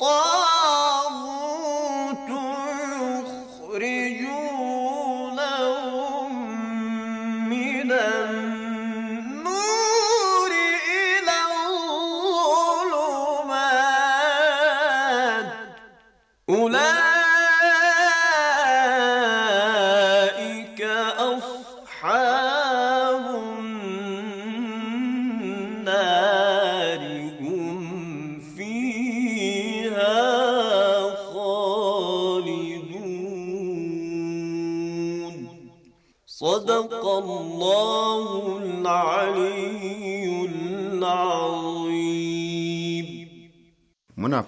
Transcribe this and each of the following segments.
طاعة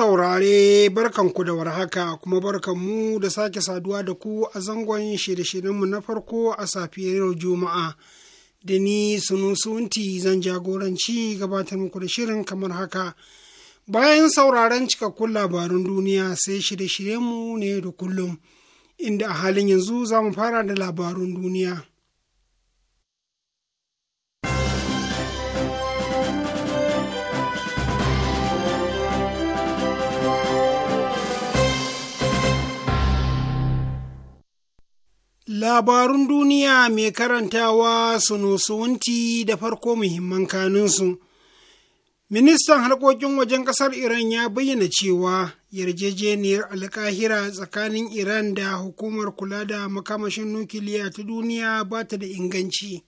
saurare barkanku da warhaka kuma barkanmu da sake saduwa da ku a zangon shirye-shiryenmu na farko a safiyar Juma'a. Da ni sunusunti zan jagoranci gabatar muku da shirin kamar haka. Bayan sauraren cikakkun labarun duniya sai shirye-shiryenmu ne da kullum, inda a halin yanzu za mu fara da labarun duniya. Labarun duniya mai karantawa su nusuwunti da farko muhimman kanunsu. Ministan harkokin wajen ƙasar Iran ya bayyana cewa yarjejeniyar alkahira tsakanin Iran da hukumar kula da makamashin nukiliya ta duniya ba ta da inganci.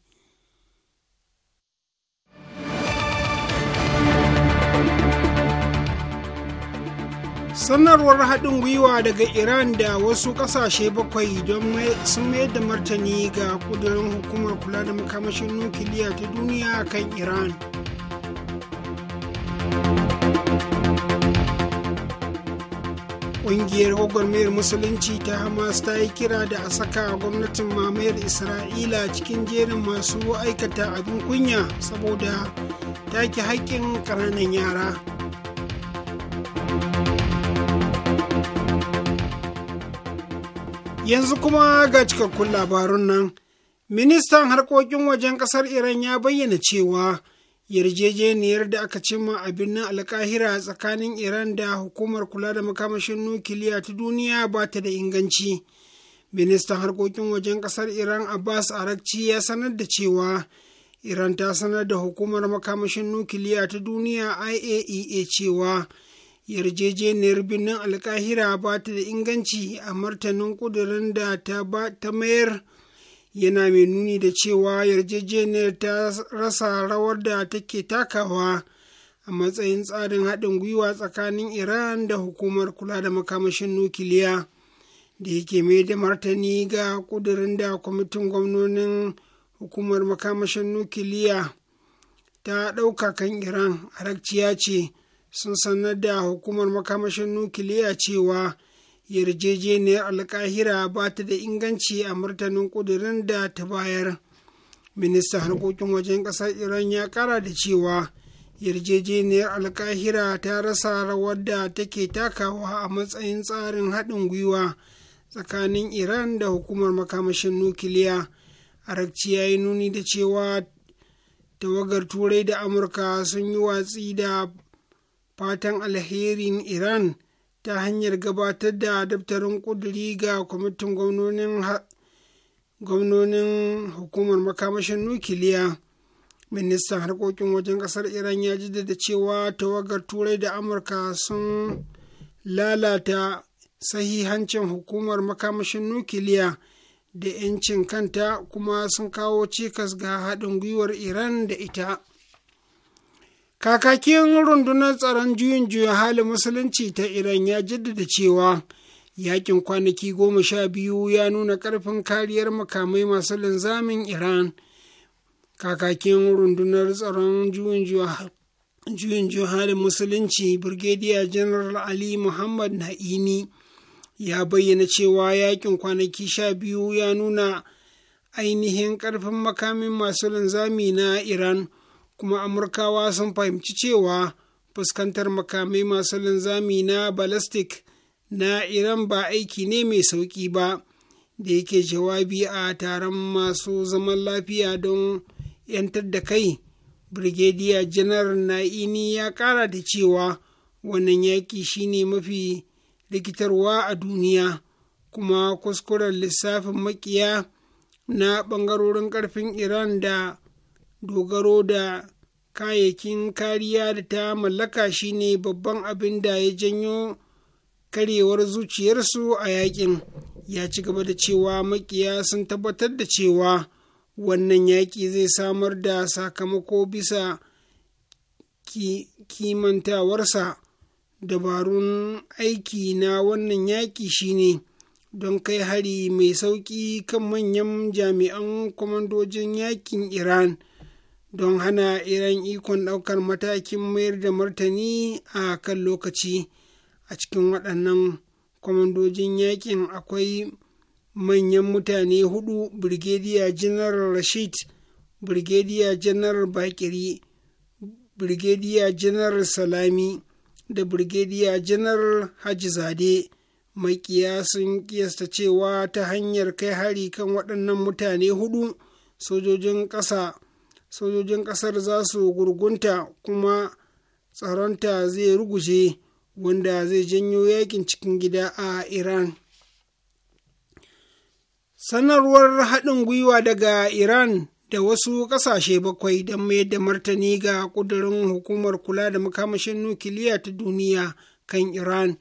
sanarwar haɗin gwiwa daga iran da wasu ƙasashe bakwai don sun mayar da martani ga ƙudurin hukumar kula da makamashin nukiliya ta duniya kan iran ƙungiyar gwagwarmayar musulunci ta hamas ta yi kira da a saka gwamnatin mamayar isra'ila cikin jerin masu aikata abin kunya saboda take haƙƙin ƙananan yara Yanzu kuma ga cikakkun labarun nan. Ministan harkokin wajen ƙasar Iran ya bayyana cewa yarjejeniyar da aka cimma a birnin alkahira tsakanin Iran da hukumar kula da makamashin nukiliya ta duniya ba ta da inganci. Ministan harkokin wajen ƙasar Iran Abbas Arakci ya sanar da cewa Iran ta sanar da hukumar makamashin nukiliya ta duniya IAEA e cewa. yarjejeniyar birnin alkahira ba ta da inganci a martanin ƙudurin da ta mayar yana mai nuni da cewa yarjejeniyar ta rasa rawar da take takawa a matsayin tsarin haɗin gwiwa tsakanin iran da hukumar kula da makamashin nukiliya da yake mai da martani ga ƙudurin da kwamitin gwamnonin hukumar makamashin nukiliya ta ɗauka kan iran arakciya ce sun sanar da hukumar makamashin nukiliya cewa yarjejeniyar alkahira ba ta da inganci a martanin kudirin da ta bayar Minista harkokin wajen ƙasar iran ya kara da cewa yarjejeniyar alkahira ta rasa rawar da take takawa a matsayin tsarin haɗin gwiwa tsakanin iran da hukumar makamashin nukiliya arakci ya yi nuni da cewa tawagar turai da amurka sun yi watsi da fatan alherin iran ta hanyar gabatar da daftarin ƙuduri ga kwamitin gwamnonin hukumar makamashin nukiliya ministan harkokin wajen ƙasar iran ya jaddada cewa tawagar turai da amurka sun lalata sahihancin hukumar makamashin nukiliya da 'yancin kanta kuma sun kawo cikas ga haɗin gwiwar iran da ita kakakin rundunar tsaron juyin juyin halin musulunci ta iran ya jaddada cewa yakin kwanaki goma sha biyu ya nuna karfin kariyar makamai masu linzamin iran kakakin rundunar tsaron juyin juyin halin musulunci Birgediya Janaral ali muhammad na'ini ya bayyana cewa yakin kwanaki sha biyu ya nuna ainihin ƙarfin makamin masu linzami na iran kuma amurkawa sun fahimci cewa fuskantar makamai masu linzami na balastik na iran ba aiki ne mai sauƙi ba da yake jawabi a taron masu zaman lafiya don 'yantar da kai brigadier janar na'ini ya ƙara da cewa wannan yaƙi shine mafi rikitarwa a duniya kuma kuskuren lissafin makiya na ɓangarorin ƙarfin iran da dogaro da kayayyakin kariya da ta mallaka shine babban abin da ya janyo karewar zuciyarsu a yakin ya ci gaba da cewa makiya sun tabbatar da cewa wannan yaƙi zai samar da sakamako bisa kimantawarsa dabarun aiki na wannan yaƙi shine don kai hari mai sauƙi kan manyan jami'an kwamandojin yakin iran don hana iran ikon ɗaukar matakin mayar da martani a kan lokaci a cikin waɗannan kwamandojin yakin akwai manyan mutane hudu birgediya general rashid birgediya janar bakiri birgediya general salami da brigadier general hajizade makiya sun kiyasta cewa ta hanyar kai hari kan waɗannan mutane hudu sojojin ƙasa sojojin ƙasar za su gurgunta kuma tsaronta zai ruguje wanda zai janyo yakin cikin gida a iran sanarwar haɗin gwiwa daga iran da wasu ƙasashe bakwai don mayar da martani ga ƙudurin hukumar kula da makamashin nukiliya ta duniya kan iran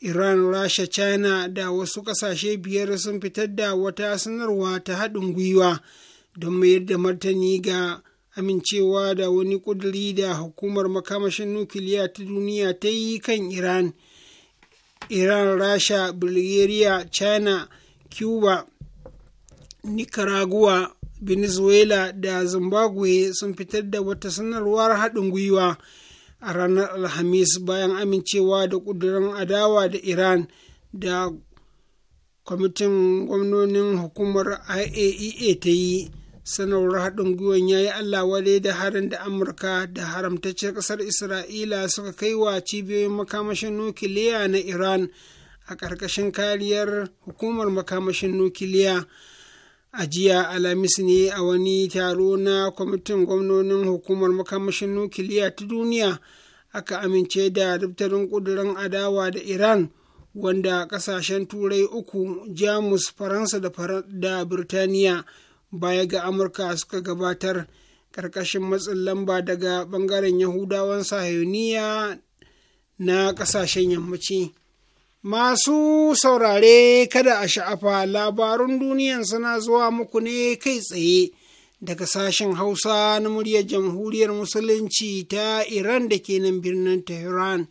iran rasha china da wasu ƙasashe biyar sun fitar da wata sanarwa ta haɗin gwiwa don mayar da martani ga amincewa da wani ƙuduri da hukumar makamashin nukiliya ta duniya ta yi kan iran iran rasha bulgaria china cuba nicaragua venezuela da zimbabwe sun fitar da wata sanarwar haɗin gwiwa a ranar alhamis bayan amincewa da ƙudurin adawa da iran da kwamitin gwamnonin hukumar iaea e ta yi sanarwar haɗin gwiwan ya yi allah wale da harin da amurka da haramtacciyar ƙasar isra'ila suka kai wa cibiyoyin makamashin nukiliya na iran a ƙarƙashin kariyar hukumar makamashin nukiliya a jiya alhamis ne a wani taro na kwamitin gwamnonin hukumar makamashin nukiliya ta duniya aka amince da daftarin ƙudurin adawa da iran wanda ƙasashen turai uku jamus faransa da birtaniya baya ga amurka suka gabatar ƙarƙashin matsin lamba daga ɓangaren yahudawan sahiyoniya na ƙasashen yammaci masu saurare kada a sha'afa labarun duniyan suna zuwa muku ne kai tsaye daga sashen hausa na muryar jamhuriyar musulunci ta iran da ke nan birnin tehran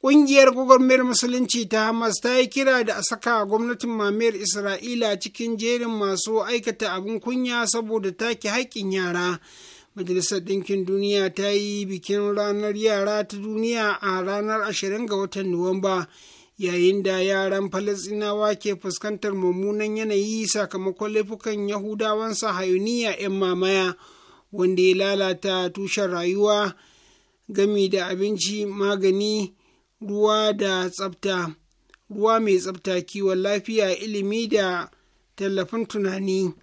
Ƙungiyar gwagwarmayar Musulunci ta Hamas ta yi kira da a saka gwamnatin mamayar Isra'ila cikin jerin masu aikata abin kunya saboda take haƙƙin yara. Majalisar Ɗinkin Duniya ta yi bikin ranar yara ta duniya a ranar 20 ga watan Nuwamba, yayin da yaran Falasɗinawa ke fuskantar mummunan yanayi sakamakon laifukan Yahudawan Sahayuniya 'yan mamaya, wanda ya lalata tushen rayuwa gami da abinci magani. ruwa da tsafta ruwa mai tsafta kiwon lafiya ilimi da tallafin tunani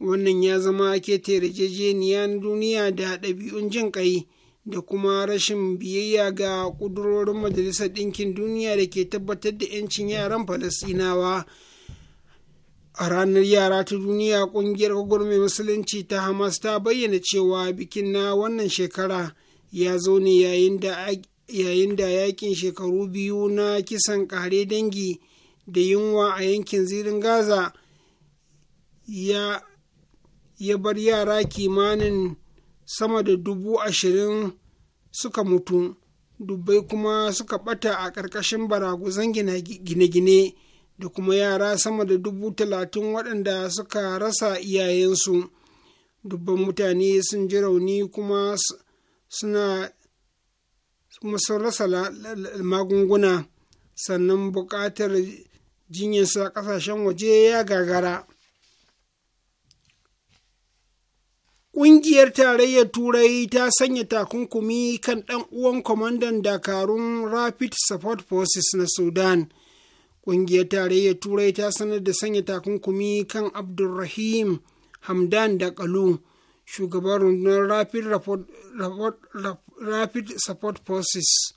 wannan ya zama ake yarjejeniya na duniya da ɗabi'un jin ƙai da kuma rashin biyayya ga ƙudurorin majalisar ɗinkin duniya da ke tabbatar da 'yancin yaran falasɗinawa a ranar yara ta duniya ƙungiyar mai musulunci ta hamas ta bayyana cewa bikin na wannan shekara ya zo ne yayin da yayin da yakin shekaru biyu na kisan kare dangi da yunwa a yankin zirin gaza ya, ya bar yara kimanin sama da dubu ashirin suka mutu dubbai kuma suka bata a ƙarƙashin baraguzan gine-gine da kuma yara sama da dubu talatin waɗanda suka rasa iyayensu dubban mutane sun ji rauni kuma suna sun rasa magunguna sannan buƙatar jinyar a ƙasashen waje ya gagara Ƙungiyar Tarayyar Turai ta sanya takunkumi kan ɗan uwan kwamandan dakarun Rapid Support Forces na Sudan. Ƙungiyar Tarayyar Turai ta sanar da sanya takunkumi kan Abdulrahim Hamdan da ƙalu shugaban rundunar rapid support forces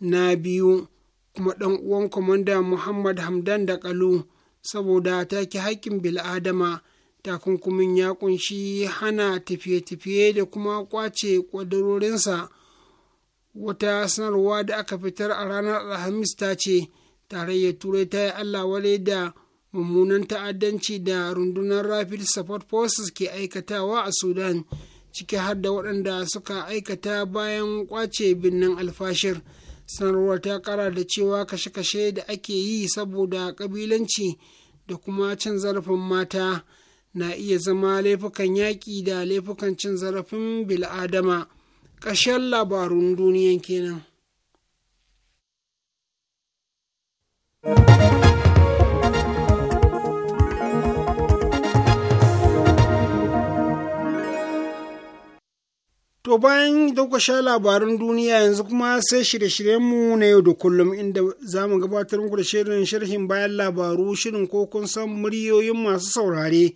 na biyu kuma ɗan uwan kwamanda muhammad hamdan da kalu saboda take haƙƙin bil'adama takunkumin ya kunshi hana tafiye-tafiye da kuma kwace ƙwadarorinsa wata sanarwa da aka fitar a ranar alhamis ta ce tarayyar turai ta yi allah wale da mummunan ta'addanci da rundunar rapid support forces ke aikatawa a sudan ciki har da waɗanda suka aikata bayan kwace birnin alfashir sanarwar ta kara da cewa kashe-kashe da ake yi saboda ƙabilanci da kuma cin zarafin mata na iya zama laifukan yaƙi da laifukan cin zarafin bil'adama ƙashen labarun duniyan kenan. To bayan da kuka sha labaran duniya yanzu kuma sai shirye-shiryenmu na yau da kullum inda za mu gabatar muku da shirin sharhin bayan labaru shirin ko kun san muryoyin masu saurare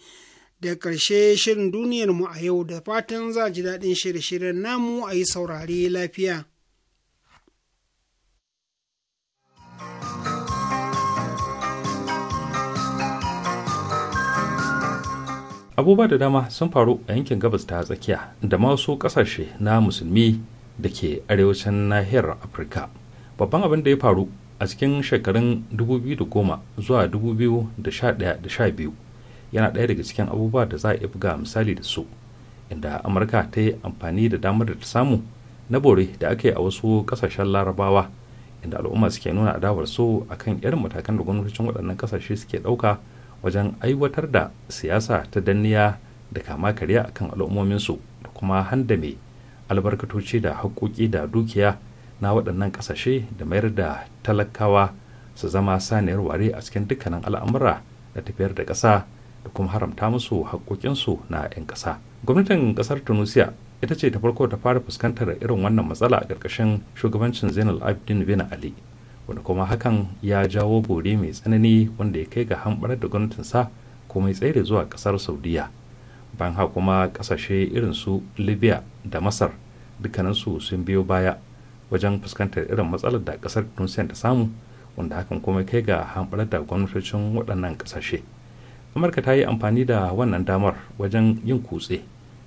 da ƙarshe shirin duniyarmu a yau da fatan za ji daɗin shirye-shiryen namu a yi saurare lafiya. abubuwa da dama sun faru a yankin gabas ta tsakiya da masu kasashe na musulmi da ke arewacin nahiyar afirka babban abin da ya faru a cikin shekarun 2010 zuwa 2011-12 yana ɗaya daga cikin abubuwa da za a iya buga misali da su inda amurka ta yi amfani da damar da ta samu na bore da aka yi a wasu kasashen larabawa inda al'umma suke nuna adawar su akan irin matakan da gwamnatocin waɗannan kasashe suke ɗauka wajen aiwatar da siyasa ta danniya da kama karya akan al'ummominsu da kuma handame albarkatoci da haƙoƙi da dukiya na waɗannan ƙasashe da mayar da talakawa su zama saniyar ware a cikin dukkanin al'amura da tafiyar da ƙasa da kuma haramta musu haƙoƙinsu na 'yan ƙasa gwamnatin ƙasar tunisia ita ce ta farko ta fara fuskantar irin wannan matsala a ƙarƙashin shugabancin zainal abidin bin ali wanda kuma hakan ya jawo bore mai tsanani wanda ya kai ga hambar da gwamnatinsa kuma ya tsere zuwa ƙasar saudiya bayan ha kuma ƙasashe irin su libya da masar dukkaninsu sun biyo baya wajen fuskantar irin matsalar da ƙasar tunisiya ta samu wanda hakan kuma kai ga hambar da gwamnatocin waɗannan ƙasashe amurka ta yi amfani da wannan damar wajen yin kutse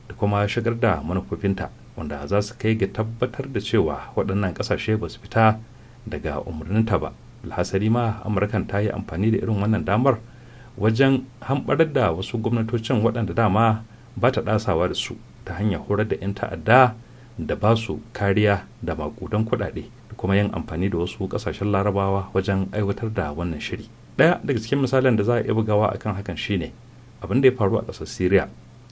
da kuma shigar da manufofinta wanda za su kai ga tabbatar da cewa waɗannan ƙasashe ba su fita daga umarninta ba alhasari ma amurkan ta yi amfani da irin wannan damar wajen hamɓarar da wasu gwamnatocin waɗanda dama ba ta ɗasawa da su ta hanyar horar da 'yan ta'adda da ba su kariya da makudan kuɗaɗe da kuma yin amfani da wasu ƙasashen larabawa wajen aiwatar da wannan shiri ɗaya daga cikin misalin da za a iya bugawa akan hakan shine abin da ya faru a ƙasar syria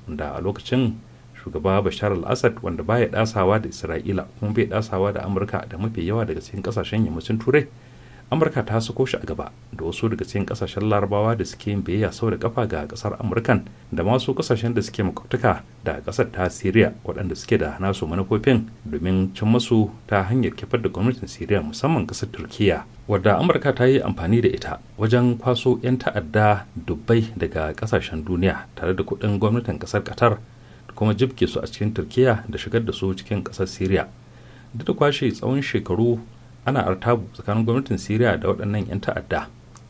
da a lokacin shugaba bashar al-assad wanda baya dasawa da isra'ila kuma bai dasawa da amurka da mafi yawa daga cikin kasashen yammacin turai amurka ta sako shi a gaba da wasu daga cikin kasashen larabawa da suke yin biyayya sau da kafa ga kasar amurkan da masu kasashen da suke makwabtaka da kasar ta syria waɗanda suke da nasu manufofin domin cin masu ta hanyar kifar da gwamnatin syria musamman kasar turkiya wadda amurka ta yi amfani da ita wajen kwaso 'yan ta'adda dubbai daga kasashen duniya tare da kuɗin gwamnatin kasar qatar kuma jibke su a cikin turkiya da shigar da su cikin kasar syria duk da kwashe tsawon shekaru ana artabu tsakanin gwamnatin syria da waɗannan 'yan ta'adda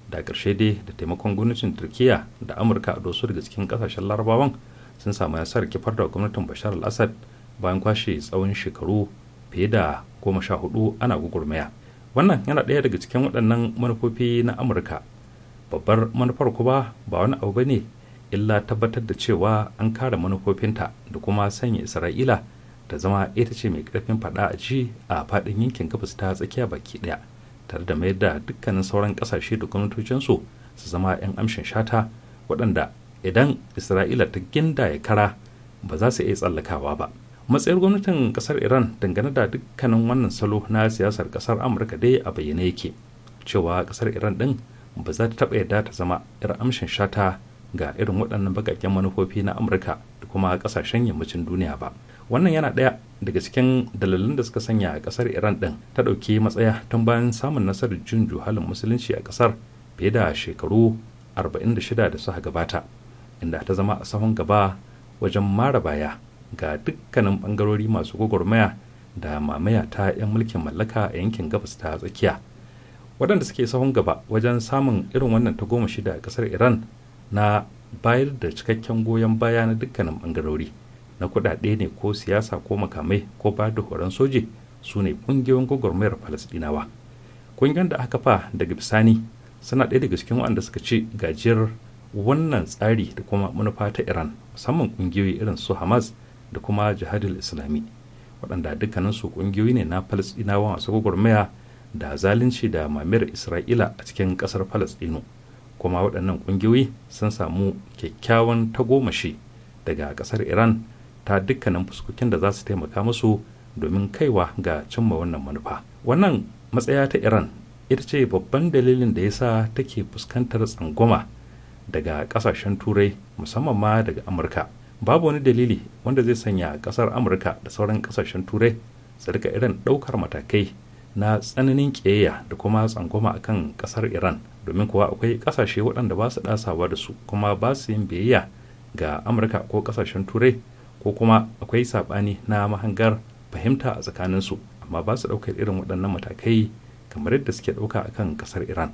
da ƙarshe dai da taimakon gwamnatin turkiya da amurka a dosu daga cikin ƙasashen larabawan sun samu nasarar kifar da gwamnatin bashar al-assad bayan kwashe tsawon shekaru fiye da goma sha hudu ana gugurmaya wannan yana ɗaya daga cikin waɗannan manufofi na amurka babbar manufar kuma ba wani abu ba ne illa tabbatar da cewa an kare manufofinta da kuma sanya isra'ila ta zama ita ce mai karfin fada a ci a fadin yankin gabas ta tsakiya baki daya tare da mayar da dukkanin sauran kasashe da gwamnatocinsu su zama 'yan amshin shata waɗanda idan isra'ila ta ginda ya kara ba za su iya tsallakawa ba matsayin gwamnatin kasar iran dangane da dukkanin wannan salo na siyasar kasar amurka dai a bayyane yake cewa kasar iran din ba za ta taɓa yadda ta zama 'yar amshin shata ga irin waɗannan bakakken manufofi na amurka da kuma ƙasashen yammacin duniya ba wannan yana ɗaya daga cikin dalilin da suka sanya a ƙasar iran ɗin ta ɗauki matsaya tun bayan samun nasarar jin juhalin musulunci a ƙasar fiye da shekaru 46 da suka gabata inda ta zama a sahun gaba wajen mara baya ga dukkanin ɓangarori masu gwagwarmaya da mamaya ta 'yan mulkin mallaka a yankin gabas ta tsakiya waɗanda suke sahun gaba wajen samun irin wannan ta goma shida a ƙasar iran na bayar da cikakken goyon baya na dukkanin bangarori na kudade ne ko siyasa ko makamai ko ba da horon soji su ne kungiyoyin gwagwarmayar falasdinawa kungiyar da aka fa daga bisani suna ɗaya daga cikin waɗanda suka ci gajiyar wannan tsari da kuma manufa ta iran musamman kungiyoyi irin su hamas da kuma jihadul islami waɗanda su kungiyoyi ne na falasdinawa masu gwagwarmaya da zalunci da mamayar isra'ila a cikin ƙasar falasdino kuma waɗannan ƙungiyoyi sun samu kyakkyawan tagomashi daga ƙasar iran ta dukkanin fuskokin da za su taimaka musu domin kaiwa ga cimma wannan manufa wannan matsaya ta iran ita ce babban dalilin da ya sa take fuskantar tsangwama daga ƙasashen turai musamman ma daga amurka babu wani dalili wanda zai sanya ƙasar amurka da sauran ƙasashen turai su rika irin ɗaukar matakai na tsananin keya da kuma tsangwama akan ƙasar iran domin kuwa akwai ƙasashe waɗanda ba su ɗasawa da su kuma ba su yin biyayya ga amurka ko ƙasashen turai ko kuma akwai saɓani na mahangar fahimta a tsakanin su amma ba su ɗaukar irin waɗannan matakai kamar yadda suke ɗauka akan ƙasar iran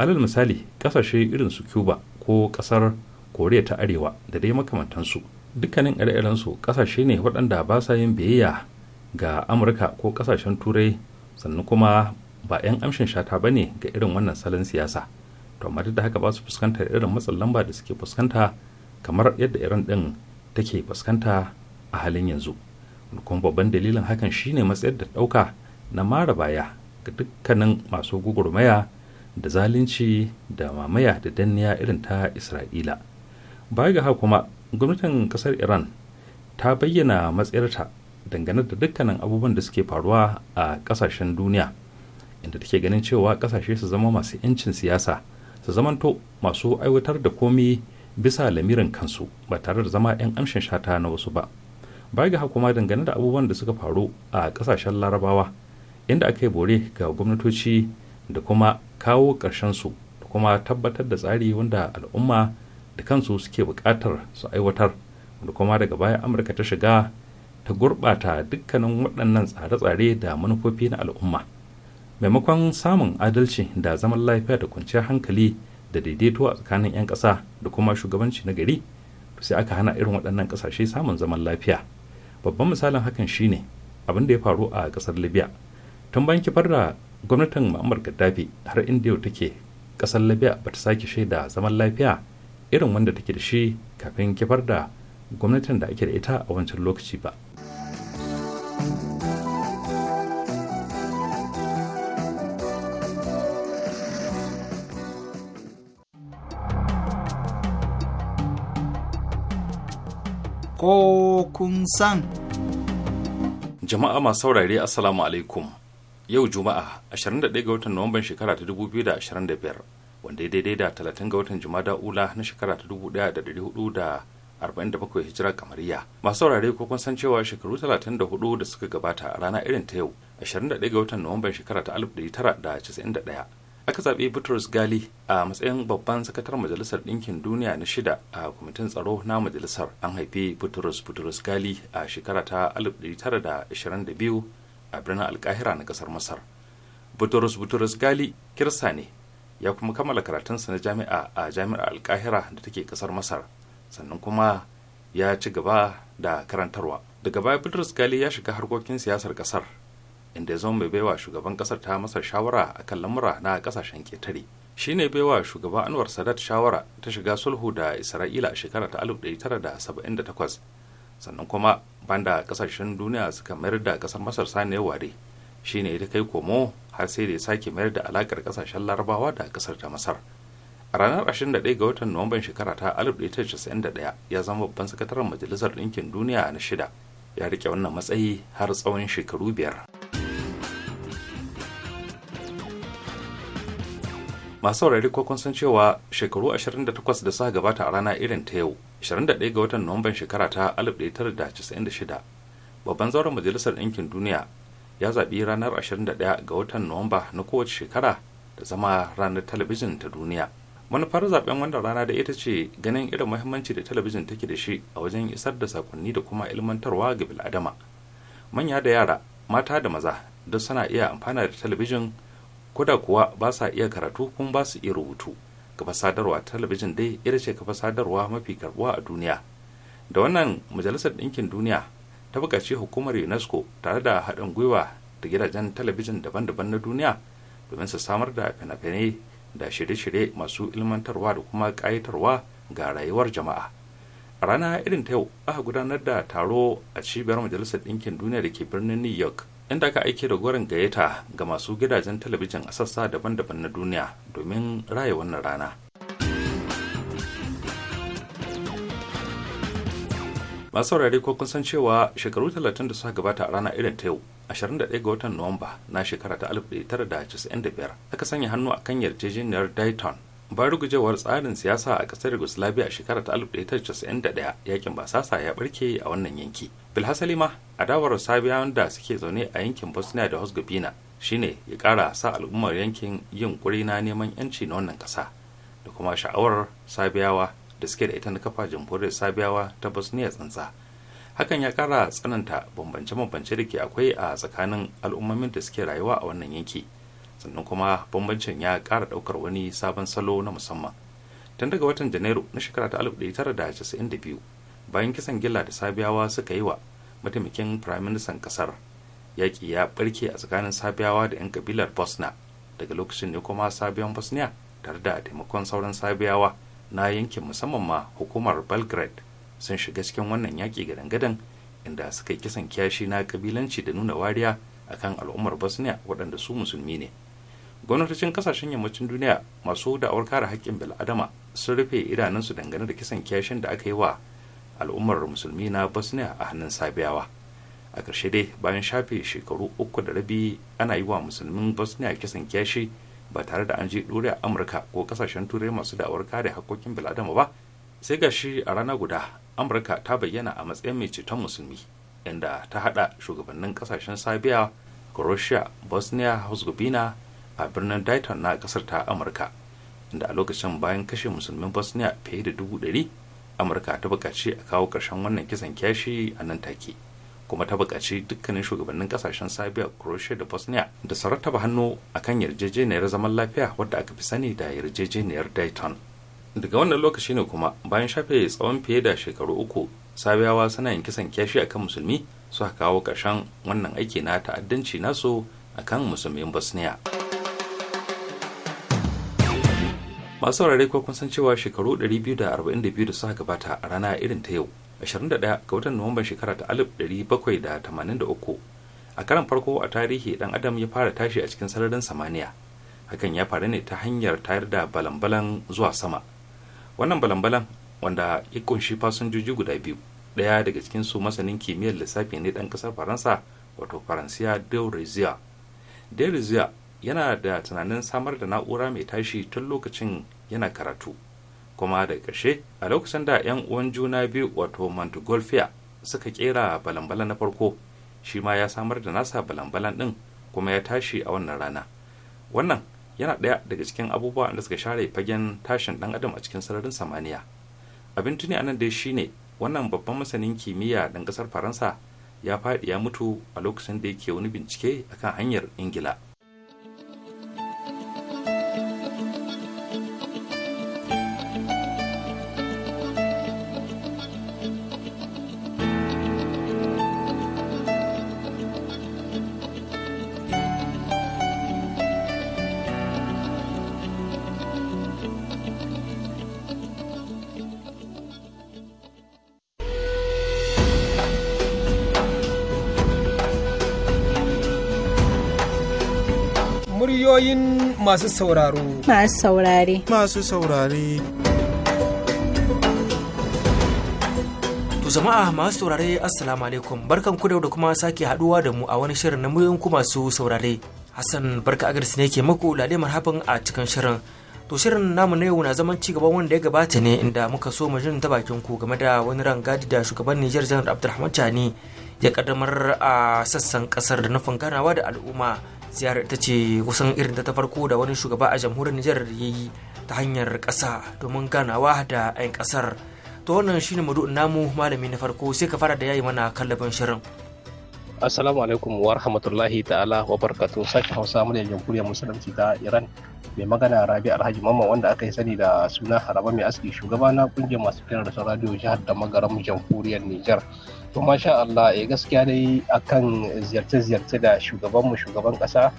alal misali ƙasashe irin su cuba ko ƙasar koriya ta arewa da dai makamantansu dukkanin ire-irensu ƙasashe ne waɗanda ba sa yin biyayya ga amurka ko ƙasashen turai sannan kuma ba 'yan amshin shata ba ne ga irin wannan salon siyasa to amma da haka ba su fuskantar irin matsin lamba da suke fuskanta kamar yadda iran din take fuskanta a halin yanzu kuma babban dalilin hakan shine matsayar da ɗauka na mara baya ga dukkanin masu gugurmaya da zalunci da mamaya da danniya irin ta isra'ila ba ga haka kuma gwamnatin kasar iran ta bayyana matsayarta dangane da dukkanin abubuwan da suke faruwa a kasashen duniya inda take ganin cewa kasashe su zama masu 'yancin siyasa su zamanto masu aiwatar da komi bisa lamirin kansu ba tare da zama 'yan amshin shata na wasu ba baya ga hakuma dangane da abubuwan da suka faru a kasashen larabawa inda aka yi bore ga gwamnatoci da kuma kawo su da kuma tabbatar da tsari wanda al'umma da kansu suke buƙatar su aiwatar da kuma daga baya amurka ta shiga ta gurɓata dukkanin waɗannan tsare-tsare da manufofi na al'umma maimakon samun adalci da zaman lafiya da kwanciyar hankali da daidaito a tsakanin 'yan ƙasa da kuma shugabanci na gari sai aka hana irin waɗannan ƙasashe samun zaman lafiya babban misalin hakan shine abin da ya faru a ƙasar libya tun bayan kifar da gwamnatin ma'amar gaddafi har inda yau take ƙasar libya ba ta sake shaida zaman lafiya irin wanda take da shi kafin kifar da gwamnatin da ake da ita a wancan lokaci ba ko kun san. Jama'a masu saurare Assalamu alaikum. Yau Juma'a 21 ga watan Nuwamban shekara ta 2025 wanda ya daidai da 30 ga watan Jumada Ula na shekara ta 1447 hijira kamariya. Masu saurare ko kun san cewa shekaru 34 da suka gabata a rana irin ta yau 21 ga watan Nuwamban shekara ta 1991 aka zaɓi Bitrus Gali a matsayin babban sakatar Majalisar Ɗinkin Duniya na shida a kwamitin tsaro na majalisar. An haifi Bitrus Bitrus Gali a shekara ta 1922 a birnin Alkahira na ƙasar Masar. Bitrus Bitrus Gali kirsa ne ya kuma kammala karatunsa na jami'a a jami'ar Alkahira da take ƙasar Masar. Sannan kuma ya ci gaba da karantarwa. Daga baya Bitrus Gali ya shiga harkokin siyasar ƙasar inda ya zama mai baiwa shugaban kasar ta masa shawara a kan lamura na kasashen ketare shi ne baiwa shugaban anwar sadat shawara ta shiga sulhu da isra'ila a shekara ta 1978 sannan kuma banda kasashen duniya suka mayar da kasar masar ya ware shi ne ta kai komo har sai da ya sake mayar da alakar kasashen larabawa da kasar ta masar a ranar 21 ga watan nuwamban shekara ta 1991 ya zama babban sakataren majalisar ɗinkin duniya na shida ya rike wannan matsayi har tsawon shekaru biyar masu saurari ko kun san cewa shekaru 28 da suka gabata a rana irin ta yau 21 ga watan nuwamban shekara ta 1996 babban zauren majalisar ɗinkin duniya ya zaɓi ranar 21 ga watan nuwamba na kowace shekara da zama ranar talabijin ta duniya manufar zaben wannan rana da ita ce ganin irin muhimmanci da talabijin take da shi a wajen isar da sakonni da kuma ilmantarwa ga bil'adama manya da yara mata da maza duk suna iya amfana da talabijin koda kuwa ba sa iya karatu kuma ba su iya rubutu kafa sadarwa talabijin dai ita ce kafa sadarwa mafi karbuwa a duniya da wannan majalisar ɗinkin duniya ta buƙaci hukumar unesco tare da haɗin gwiwa da gidajen talabijin daban-daban na duniya domin su samar da fina-finai da shirye-shirye masu ilmantarwa da kuma ƙayatarwa ga rayuwar jama'a a rana irin ta yau aka gudanar da taro a cibiyar majalisar ɗinkin duniya da ke birnin new york inda aka aike da gwarin gayyata ga masu gidajen talabijin a sassa daban-daban na duniya domin raya wannan rana masu saurare ko kun san cewa shekaru 30 da suka gabata a rana irin ta yau 21 ga watan nuwamba na shekara ta 1995 aka sanya hannu a kan yarjejeniyar dayton bayan rugujewar tsarin siyasa a kasar yugoslavia a shekara ta 1991 yakin basasa ya barke a wannan yanki bilhassali ma adawar sabiyawan da suke zaune a yankin bosnia da herzegovina shine ya kara sa al'ummar yankin yin kuri na neman yanci na wannan kasa da kuma sha'awar sabiyawa da suke da ita na kafa jamhuriyar sabiyawa ta bosnia tsantsa hakan ya kara tsananta bambance-bambance da ke akwai a tsakanin al'ummomin da suke rayuwa a wannan yanki sannan kuma bambancin ya kara daukar wani sabon salo na musamman tun daga watan janairu na shekara ta 1992 bayan kisan gilla da sabiyawa suka yi wa mataimakin firaministan kasar yaƙi ya ɓarke a tsakanin sabiyawa da 'yan kabilar bosnia daga lokacin ne kuma sabiyan bosnia tare da taimakon sauran sabiyawa na yankin musamman ma hukumar belgrade sun shiga cikin wannan yaƙi gadan-gadan inda suka yi kisan kiyashi na kabilanci da nuna wariya akan al'ummar bosnia waɗanda su musulmi ne gwamnatocin kasashen yammacin duniya masu da'awar kare haƙƙin bil'adama sun rufe idanunsu dangane da kisan kiyashin da aka yi wa al'ummar musulmi na bosnia a hannun sabiyawa a ƙarshe dai bayan shafe shekaru uku da rabi ana yi wa musulmin bosnia kisan kyashi ba tare da an ji ɗore a amurka ko ƙasashen turai masu da'awar kare hakkokin bil'adama ba sai ga shi a rana guda amurka ta bayyana a matsayin mai ceton musulmi inda ta haɗa shugabannin ƙasashen sabiya croatia bosnia herzegovina a birnin dayton na ƙasar ta amurka inda a lokacin bayan kashe musulmin bosnia fiye da dubu ɗari amurka ta buƙaci a kawo karshen wannan kisan kyashi a nan take kuma ta buƙaci dukkanin shugabannin ƙasashen sabiya croatia da bosnia da su hannu akan yarjejeniyar zaman lafiya wadda aka fi sani da yarjejeniyar dayton daga wannan lokaci ne kuma bayan shafe tsawon fiye da shekaru uku sabiyawa suna yin kisan kyashi akan musulmi suka kawo karshen wannan aiki na ta'addanci nasu akan musulmin bosnia. masu saurare ko kun san cewa shekaru 242 da suka gabata a rana irin ta yau 21 ga watan nuwamban shekara ta 1783 a karan farko a tarihi dan adam ya fara tashi a cikin sararin samaniya hakan ya faru ne ta hanyar tayar da balambalan zuwa sama wannan balambalan wanda ya kunshi fasinjoji guda biyu ɗaya daga cikin su masanin kimiyyar lissafi ne dan ƙasar faransa wato faransiya de yana da tunanin samar da na'ura mai tashi tun lokacin yana karatu kuma da ƙarshe a lokacin da 'yan uwan juna biyu wato montgolfier suka kera balambala na farko shi ma ya samar da nasa balambalan ɗin kuma ya tashi a wannan rana wannan yana ɗaya daga cikin abubuwa da suka share fagen tashin ɗan adam a cikin sararin samaniya abin tuni a nan dai shine wannan babban masanin kimiyya ɗan ƙasar faransa ya faɗi ya mutu a lokacin da yake wani bincike akan hanyar ingila masu sauraro. Masu saurare. Masu saurare. jama'a masu saurare assalamu alaikum barkan ku da kuma sake haduwa da mu a wani shirin na muyin ku masu saurare. Hassan barka agarsi ne ke muku lale marhaban a cikin shirin. To shirin namu na yau na zaman ci gaban wanda ya gabata ne inda muka so mu jin ta bakin ku game da wani rangadi da shugaban Nijar Janar Abdulrahman Tani ya kaddamar a sassan kasar da nufin ganawa da al'umma ziyarar ita ce kusan irin ta farko da wani shugaba a jamhuriyar nijar ya yi ta hanyar ƙasa domin ganawa da 'yan kasar to wannan shine madu'in namu malami na farko sai ka fara da yayi mana kallabin shirin Assalamu alaikum wa rahmatullahi ta'ala wa barkatu sashen Hausa muryar Jamhuriyar Musulunci ta Iran mai magana Rabi Alhaji Mamman wanda aka yi sani da suna Haraba mai aski shugaba na kungiyar masu kiran da radio jihar da magaram Jamhuriyar Nijar. to masha Allah ya eh, gaskiya dai kan ziyarce-ziyarce da shugabanmu shugaban kasa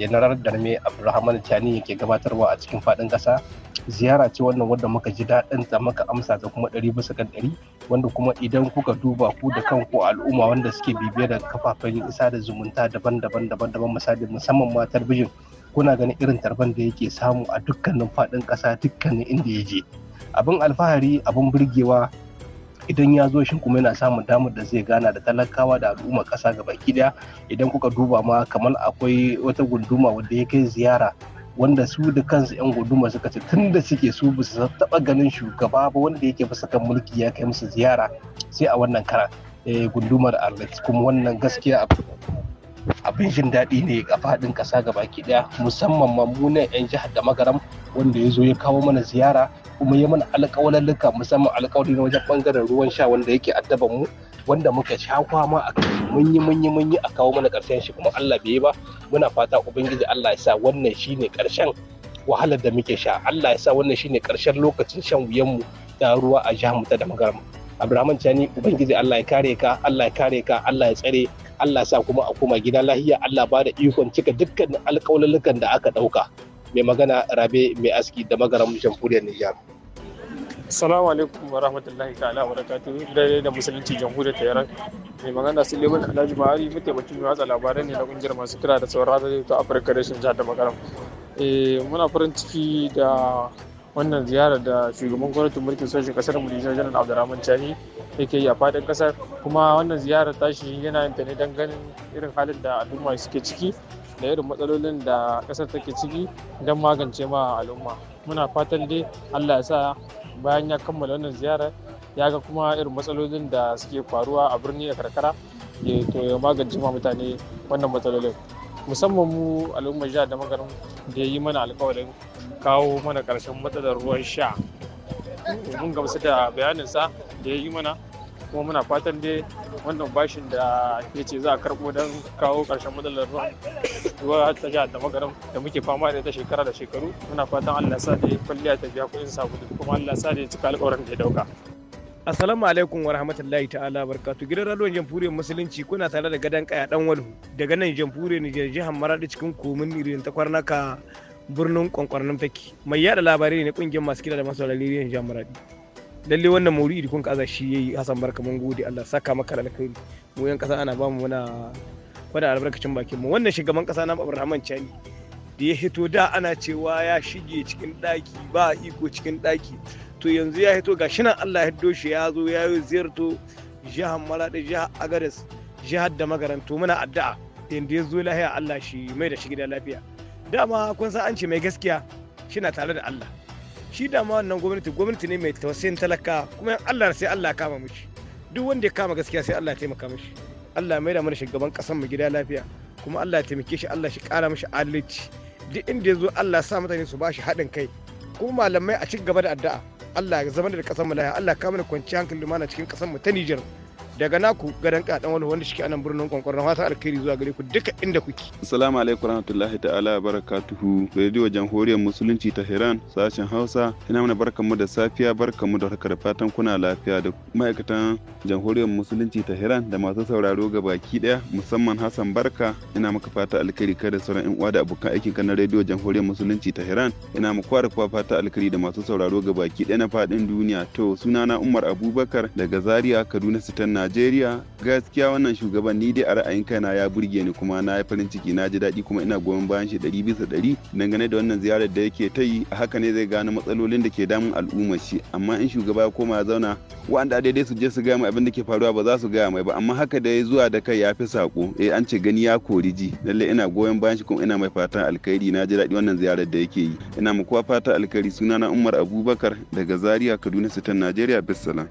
general darme abdulrahman chani yake gabatarwa a cikin fadin kasa ziyara ce wannan wadda muka ji daɗin ta muka amsa da kuma ɗari bisa kan ɗari wanda kuma idan kuka duba ku da kanku al'umma wanda suke bibiye da kafafen isa da zumunta daban-daban daban-daban misali musamman ma talbijin kuna ganin irin tarban da yake samu a dukkanin faɗin kasa dukkanin inda ya je abin alfahari abin burgewa idan ya zo shi kuma yana samun damar da zai gana da talakawa da al'ummar ƙasa gaba daya idan kuka duba ma kamar akwai wata gunduma wadda ya kai ziyara wanda su da kansu 'yan gunduma suka ce tun da suke su ba su taba ganin shugaba ba wanda yake bisa sakan mulki ya kai musu ziyara sai a wannan karan eh, gundumar alex kuma wannan gaskiya abin jin daɗi ne a faɗin ƙasa gaba ɗaya musamman mamunan 'yan jihar da magaram wanda ya zo ya kawo mana ziyara kuma ya mana alƙawalalluka musamman alƙawari na wajen ɓangaren ruwan sha wanda yake addaban mu wanda muka sha kwama a kan mun yi mun yi mun yi a kawo mana ƙarshen shi kuma Allah bai yi ba muna fata ubangiji Allah ya sa wannan shine ƙarshen wahalar da muke sha Allah ya sa wannan shine ƙarshen lokacin shan wuyan mu da ruwa a jihar mu ta da magarama Abrahaman Chani Ubangiji Allah ya kare ka Allah ya kare ka Allah ya tsare Allah sa kuma a koma gida lahiya Allah ba da ikon cika dukkan alƙawallukan da aka ɗauka mai magana rabe mai aski da magaram jamhuriyar nijar Assalamu alaikum wa rahmatullahi ta'ala wa barakatuhu daidai da musulunci jamhuriyar Tehran. Mai magana su Suleiman Alhaji Buhari mataimakin watsa labarai ne na kungiyar masu kira da sauran radio ta Afirka Reshen Jihar da Magaram. Eh, muna farin ciki da wannan ziyara da shugaban gwamnatin mulkin sojin kasar mu Nijar Janar Abdurrahman Chani yake yi a fadin kasar kuma wannan ziyarar tashi yana yin ta ne don ganin irin halin da al'umma suke ciki da irin matsalolin da kasar take ciki don magance ma al'umma muna fatan dai allah ya sa bayan ya kammala wannan ziyarar ya ga kuma irin matsalolin da suke faruwa a birni a karkara to ya magance ma mutane wannan matsalolin musamman mu al'ummar jihar da magarin da ya yi mana alkawarin kawo mana karshen matsalar ruwan sha mun gamsu da bayaninsa da ya yi mana kuma muna fatan dai wannan bashin da ya ce za a karbo don kawo karshen matsalar ruwan ruwa ta jihar da magaram da muke fama da ita shekara da shekaru muna fatan allah sa da kwalliya ta biya kuɗin sabulu kuma allah sa da ya cika alƙawarin da ya ɗauka. Assalamu alaikum wa rahmatullahi ta'ala barkatu gidan radon jamhuriyar musulunci kuna tare da gadan kaya dan walhu daga nan jamhuriyar Nijar jihar Maradi cikin komin irin ta kwarnaka birnin kwankwarnin faki mai yada labarai ne kungiyar masu kira da masu rarriyar jihar Maradi. lalle wannan maulidi kun kaza shi yayi hasan Barka mun gode Allah saka maka alkhairi mu yan kasa ana bamu muna kwada albarkacin bakin mu wannan shugaban kasa na Abrahaman Chani da ya hito da ana cewa ya shige cikin daki ba iko cikin daki to yanzu ya hito ga nan Allah ya hiddo shi ya zo ya yi ziyarto jihar Maradi jihar Agares jihar da magaranto muna addu'a inda ya zo lahiya Allah shi mai da shi gida lafiya dama kun san an ce mai gaskiya shi na tare da Allah shi dama wannan gwamnati gwamnati ne mai tausayin talaka kuma Allah sai Allah ya kama mishi duk wanda ya kama gaskiya sai Allah ya taimaka mishi Allah mai da mana shugaban kasan mu gida lafiya kuma Allah ya taimake shi Allah shi kara mishi adalci duk inda ya zo Allah ya sa mutane su bashi haɗin kai kuma malamai a ci gaba da addu'a Allah ya zama da kasan mu lafiya Allah ya kama da kwanciyar hankali mana cikin kasan mu ta Nijar. daga naku gadan kaɗan wani wanda shike anan birnin na fasa alkhairi zuwa gare ku duka inda kuke. Assalamu alaikum warahmatullahi ta'ala barakatuhu radio jamhuriyar musulunci ta Iran sashen Hausa ina mana barkamu da safiya barkamu da harkar fatan kuna lafiya da ma'aikatan jamhuriyar musulunci ta Iran da masu sauraro ga baki daya musamman Hassan Barka ina maka fata alkhairi kai da sauran yan uwa da abokan aiki kan radio jamhuriyar musulunci ta Iran ina muku kwa fata alkhairi da masu sauraro ga baki daya na fadin duniya to sunana Umar Abubakar daga Zaria Kaduna Sitan Najeriya gaskiya wannan shugaban ni dai a ra'ayin kaina ya burge ni kuma na yi farin ciki na ji daɗi kuma ina goyon bayan shi ɗari bisa ɗari dangane da wannan ziyarar da yake ta yi a haka ne zai gano matsalolin da ke damun al'umma shi amma in shugaba ya koma ya zauna wa'anda daidai su je su gaya mai abin da ke faruwa ba za su gaya mai ba amma haka da ya zuwa da kai ya fi saƙo eh an ce gani ya kori ji lallai ina goyon bayan shi kuma ina mai fatan alkhairi na ji daɗi wannan ziyarar da yake yi ina mu kuwa fatan alkhairi sunana Umar Abubakar daga Zaria Kaduna Sitan Najeriya Bissalam.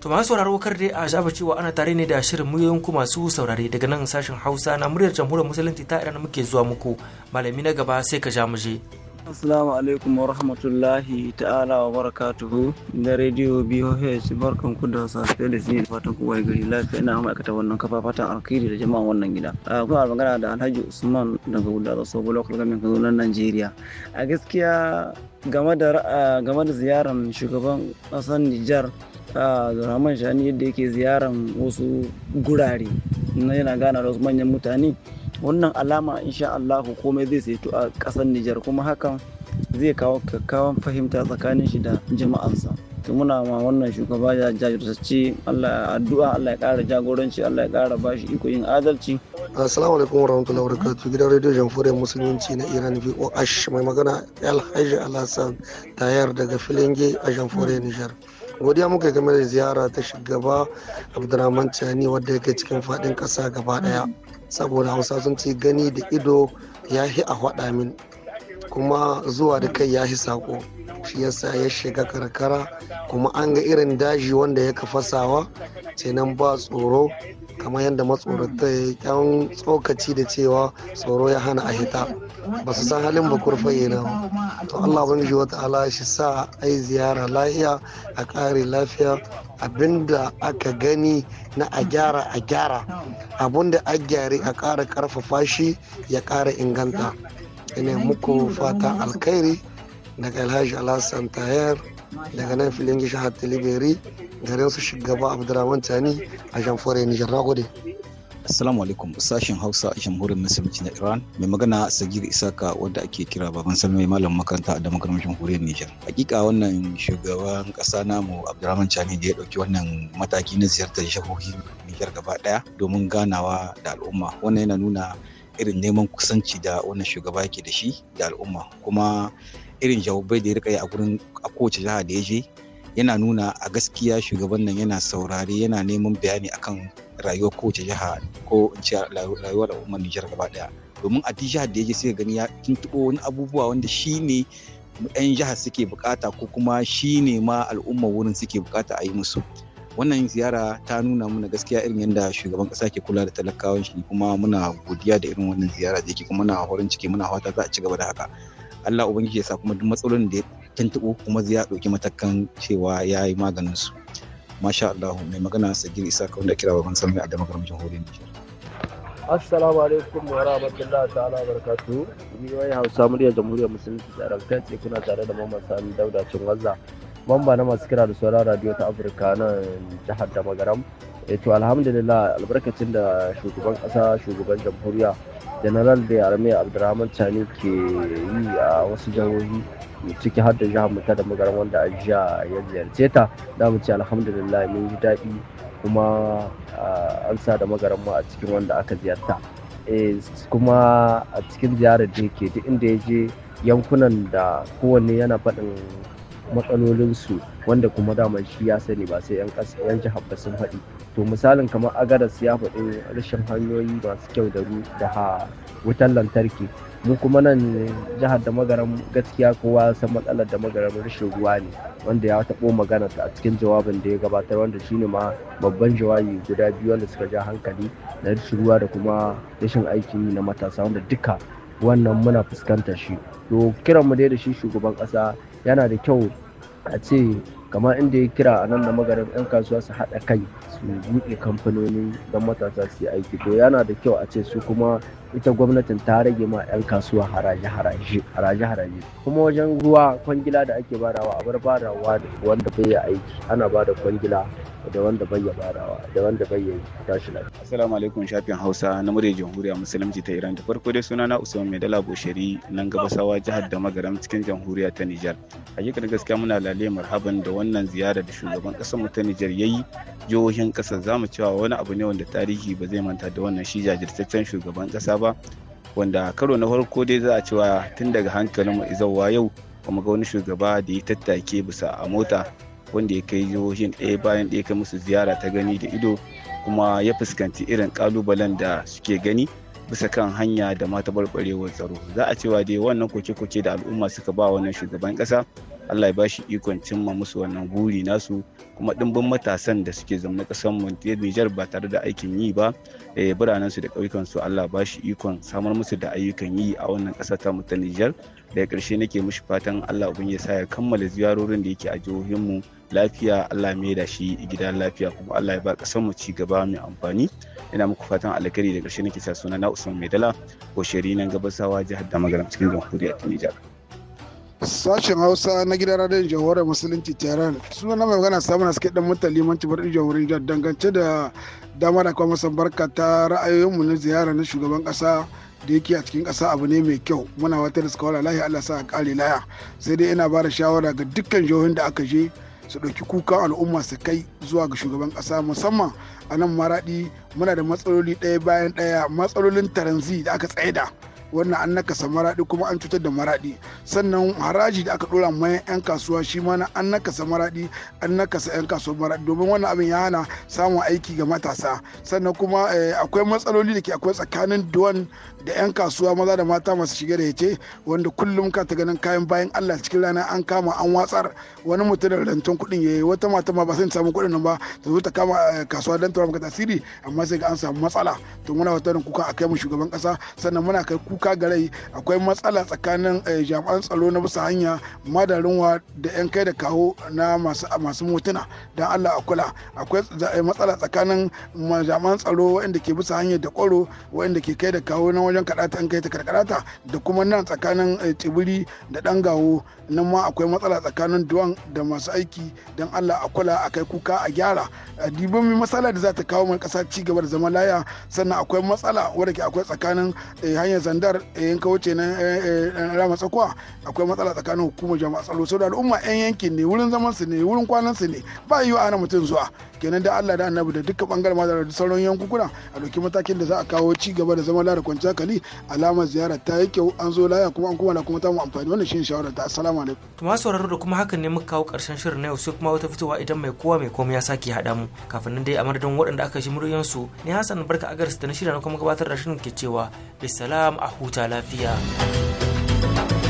To masu sauraro kar dai a shafa cewa ana tare ne da shirin muryoyin ku masu saurare daga nan sashen Hausa na muryar jamhuriyar musulunci ta Iran muke zuwa muku malami na gaba sai ka ja mu je. Assalamu alaikum wa rahmatullahi ta'ala wa barakatuhu da rediyo BOH barkan ku da safe da sinye fatan ku wai gari lafiya ina ma'aikata wannan kafa fatan alkhairi da jama'an wannan gida. A kuna magana da Alhaji Usman daga Wuda da Sobo Local Government na Najeriya. A gaskiya game da game da ziyarar shugaban ƙasar Nijar Abdulrahman Shani yadda yake ziyaran wasu gurare na yana gana da wasu manyan mutane wannan alama insha Allah komai zai saito a ƙasar Nijar kuma hakan zai kawo kakkawan fahimta tsakanin shi da jama'ansa. to muna ma wannan shugaba ya jajirtacce Allah addu'a Allah ya ƙara jagoranci Allah ya ƙara bashi iko yin adalci assalamu alaikum warahmatullahi wabarakatuh gidan rediyo jamhuriyar musulunci na Iran VOH mai magana Alhaji Alhassan tayar daga Filinge a jamhuriyar Nijar godiya muka game da ziyara ta shugaba abdurrahman chani wadda yake cikin fadin kasa gaba daya saboda hausa sun ce gani da ido ya hi a hada min kuma zuwa da kai ya hi sako shi yasa ya shiga karkara kuma an ga irin daji wanda ya kafasawa nan ba tsoro kamar yadda matsorata ya kyan tsokaci da cewa tsoro ya hana a hita ba su san halin bakwai fayyana ba to allah ubangiji wata ala shi sa a yi ziyara lafiya a kare lafiya abinda aka gani na a gyara a gyara abinda a gyare a kara karfafa shi ya kara inganta ina muku fata alkhairi daga alhaji alhassan tayar daga nan filin gishahar tilibiri garin su shugaba abdurrahman tani a jamfore nijar na Assalamu alaikum sashen Hausa a jamhuriyar Musulunci na Iran mai magana Sagir Isaka wanda ake kira baban Salmai malam makaranta a makarantar jamhuriyar Nijar. Hakika wannan shugaban kasa namu Abdulrahman Chani da ya dauki wannan mataki na ziyartar jihohin Nijar gaba daya domin ganawa da al'umma. Wannan yana nuna irin neman kusanci da wannan shugaba yake da shi da al'umma kuma irin jawabai da ya rika yi a gurin a kowace jiha da ya je yana nuna a gaskiya shugaban nan yana saurare yana neman bayani akan rayuwar kowace jiha ko in ce rayuwar al'ummar Nijar gaba daya domin a jiha da yake sai gani ya tuntuɓo wani abubuwa wanda shi 'yan jihar suke bukata ko kuma shine ma al'ummar wurin suke bukata a yi musu wannan ziyara ta nuna mana gaskiya irin yadda shugaban kasa ke kula da talakawan shi kuma muna godiya da irin wannan ziyara da yake kuma muna horon ciki muna fata za a ci gaba da haka Allah ubangiji ya sa kuma duk matsalolin da ya tuntuɓo kuma zai ya ɗauki matakan cewa ya yi maganin su masha Allah mai magana sagiri isa kawai da kira baban salmi a damar jamhuriyar Nijar. assalamu alaikum wa rahmatullahi ta'ala wa barakatu wai hausa muryar jamhuriyar musulunci da kai ce kuna tare da mamman sami dauda cin wazza mamba na masu kira da sauran radio ta afirka nan jihar Damagaram. Eto eh, alhamdulillah albarkacin da shugaban kasa shugaban jamhuriya general da yarmai abdurrahman tani ke yi a wasu jihohi ciki har da jihar mutar da magaran wanda a jiya ya ziyarce ta da mu ce alhamdulillah mun ji daɗi kuma an sa da magaran mu a cikin wanda aka ziyarta eh, kuma a cikin ziyarar da yake duk inda ya je yankunan da kowanne yana faɗin matsalolinsu wanda kuma dama shi ya sani ba sai 'yan jihar ba sun faɗi to misalin kamar agadas ya faɗi rashin hanyoyi masu kyau da da wutar lantarki mu kuma nan jihar da magaram gaskiya kowa san matsalar da magaram rashin ruwa ne wanda ya taɓo magana a cikin jawabin da ya gabatar wanda shine ma babban jawabi guda biyu wanda suka ja hankali na rashin ruwa da kuma rashin aikin na matasa wanda duka wannan muna fuskantar shi to kiran mu dai da shi shugaban ƙasa yana da kyau a ce kamar inda ya kira a nan da magarin 'yan kasuwa su haɗa kai su buɗe kamfanoni don matasa su yi aiki to yana da kyau a ce su kuma ita gwamnatin ta rage ma 'yan kasuwa haraje-haraje kuma wajen ruwa kwangila da ake badawa a bar badawa wanda bai aiki ana bada kwangila da wanda bai ya barawa da wanda bai ya tashi lafiya. Assalamu alaikum shafin Hausa na murya Jamhuriyar Musulunci ta Iran. Da farko dai sunana Usman Maidala Bosheri nan gabasawa jihar da magaram cikin Jamhuriya ta Nijar. Hakikar gaskiya muna lale marhaban da wannan ziyara da shugaban kasar mu ta Nijar yayi jihohin kasar zamu cewa wani abu ne wanda tarihi ba zai manta da wannan shi jajirtaccen shugaban kasa ba wanda karo na farko dai za a cewa tun daga hankalin mu izawa yau kuma ga wani shugaba da ya tattake bisa a mota wanda ya kai jihohin ɗaya bayan ɗaya kai musu ziyara ta gani da ido kuma ya fuskanci irin kalubalen da suke gani bisa kan hanya da mata barbarewar tsaro za a cewa dai wannan koke-koke da al'umma suka ba wannan shugaban kasa, allah ya bashi ikon cimma musu wannan buri nasu kuma ɗimbin matasan da suke zama ƙasar nijar ba tare da aikin yi ba eh, biranen su da ƙauyukan su allah ba shi ikon samar musu da ayyukan yi a wannan ƙasa ta mu ta nijar daga ƙarshe nake mushi fatan allah ya sa ya kammala ziyarorin da yake a jihohin mu lafiya Allah mai da shi gidan lafiya kuma Allah ya ba kasar mu ci gaba mai amfani ina muku fatan alkhairi da ƙarshe nake sa suna na Usman Maidala ko shari nan gabasawa jihar Damagaram cikin jamhuriyar Nijar sashen hausa na gidan radiyon jamhuriyar musulunci tehran suna na magana samun suke dan mutan limanci birnin jamhuriyar dangance da dama da kuma barka ta ra'ayoyinmu na ziyara na shugaban kasa da yake a cikin ƙasa abu ne mai kyau muna wata da suka wala lahi allah sa a kare laya sai dai ina ba da shawara ga dukkan jihohin da aka je su ɗauki kukan al'umma su kai zuwa ga shugaban kasa musamman a nan maraɗi muna da matsaloli ɗaya bayan ɗaya matsalolin taranzi da aka tsaida wannan an nakasa maraɗi kuma an cutar da maraɗi sannan haraji da aka ɗora mayan 'yan kasuwa shi ma an nakasa maraɗi an nakasa 'yan kasuwar maraɗi domin wannan abin ya hana samun aiki ga matasa sannan kuma eh, akwai matsaloli da ke akwai tsakanin duwan da 'yan kasuwa maza da mata masu shige da yace wanda kullum ka ta ganin kayan bayan Allah cikin rana an kama an watsar wani mutum da rantun kuɗin yayi wata mata ma ba sai samu kuɗin nan ba ta zo ta kama eh, kasuwa don ta maka tasiri amma sai ga an samu matsala to muna wata kuka akai mu shugaban kasa sannan muna kai kuka ga rai akwai matsala tsakanin eh, jami'an tsaro na bisa hanya madarinwa da 'yan kai da kawo na masu masu motuna don Allah a kula akwai eh, matsala tsakanin jami'an tsaro waɗanda ke bisa hanya da kwaro waɗanda ke kai da kawo na wajen kaɗata an kai ta karkarata da kuma nan tsakanin eh, tsibiri da ɗan gawo nan ma akwai matsala tsakanin duwan da masu aiki don allah a kula a kai kuka a gyara dibin mai matsala da za ta kawo mai ƙasa ci gaba da zama laya sannan akwai matsala wadda ke akwai tsakanin eh, hanyar zandar eh, yanka wuce na rama tsakuwa akwai matsala tsakanin hukumar jama'a tsaro sau da al'umma 'yan yankin ne wurin zaman su ne wurin kwanan su ne ba yi wa ana mutum zuwa kenan da allah da annabi da duka bangaren ma da sauran yankuna a ɗauki matakin da za a kawo ci gaba da zama lada kwanciyar hankali alamar ziyara ta yi kyau an zo laya kuma an kuma da kuma ta mu amfani wannan shi shawara ta assalamu alaikum to ma sauraro da kuma hakan ne muka kawo karshen shirin na yau sai kuma wata fitowa idan mai kowa mai komai ya sake hada mu kafin nan dai a madadin waɗanda aka shi muryan su ni Hassan barka a agarsu da na shirya na kuma gabatar da shirin ke cewa bisalam a huta lafiya thank you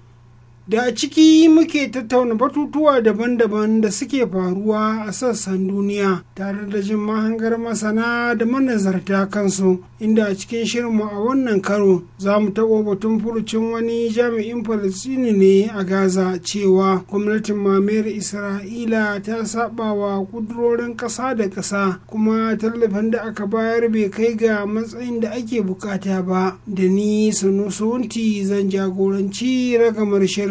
da a ciki muke tattauna batutuwa daban-daban da suke faruwa a sassan duniya tare da jin mahangar masana da manazarta kansu inda a cikin shirinmu a wannan karo za mu taɓo batun furucin wani jami'in falistini ne a gaza cewa gwamnatin mamayar isra'ila ta saba wa kudurorin ƙasa da ƙasa kuma tallafin da aka bayar bai kai ga matsayin da ake bukata ba da ni sanusunti zan jagoranci ragamar shirin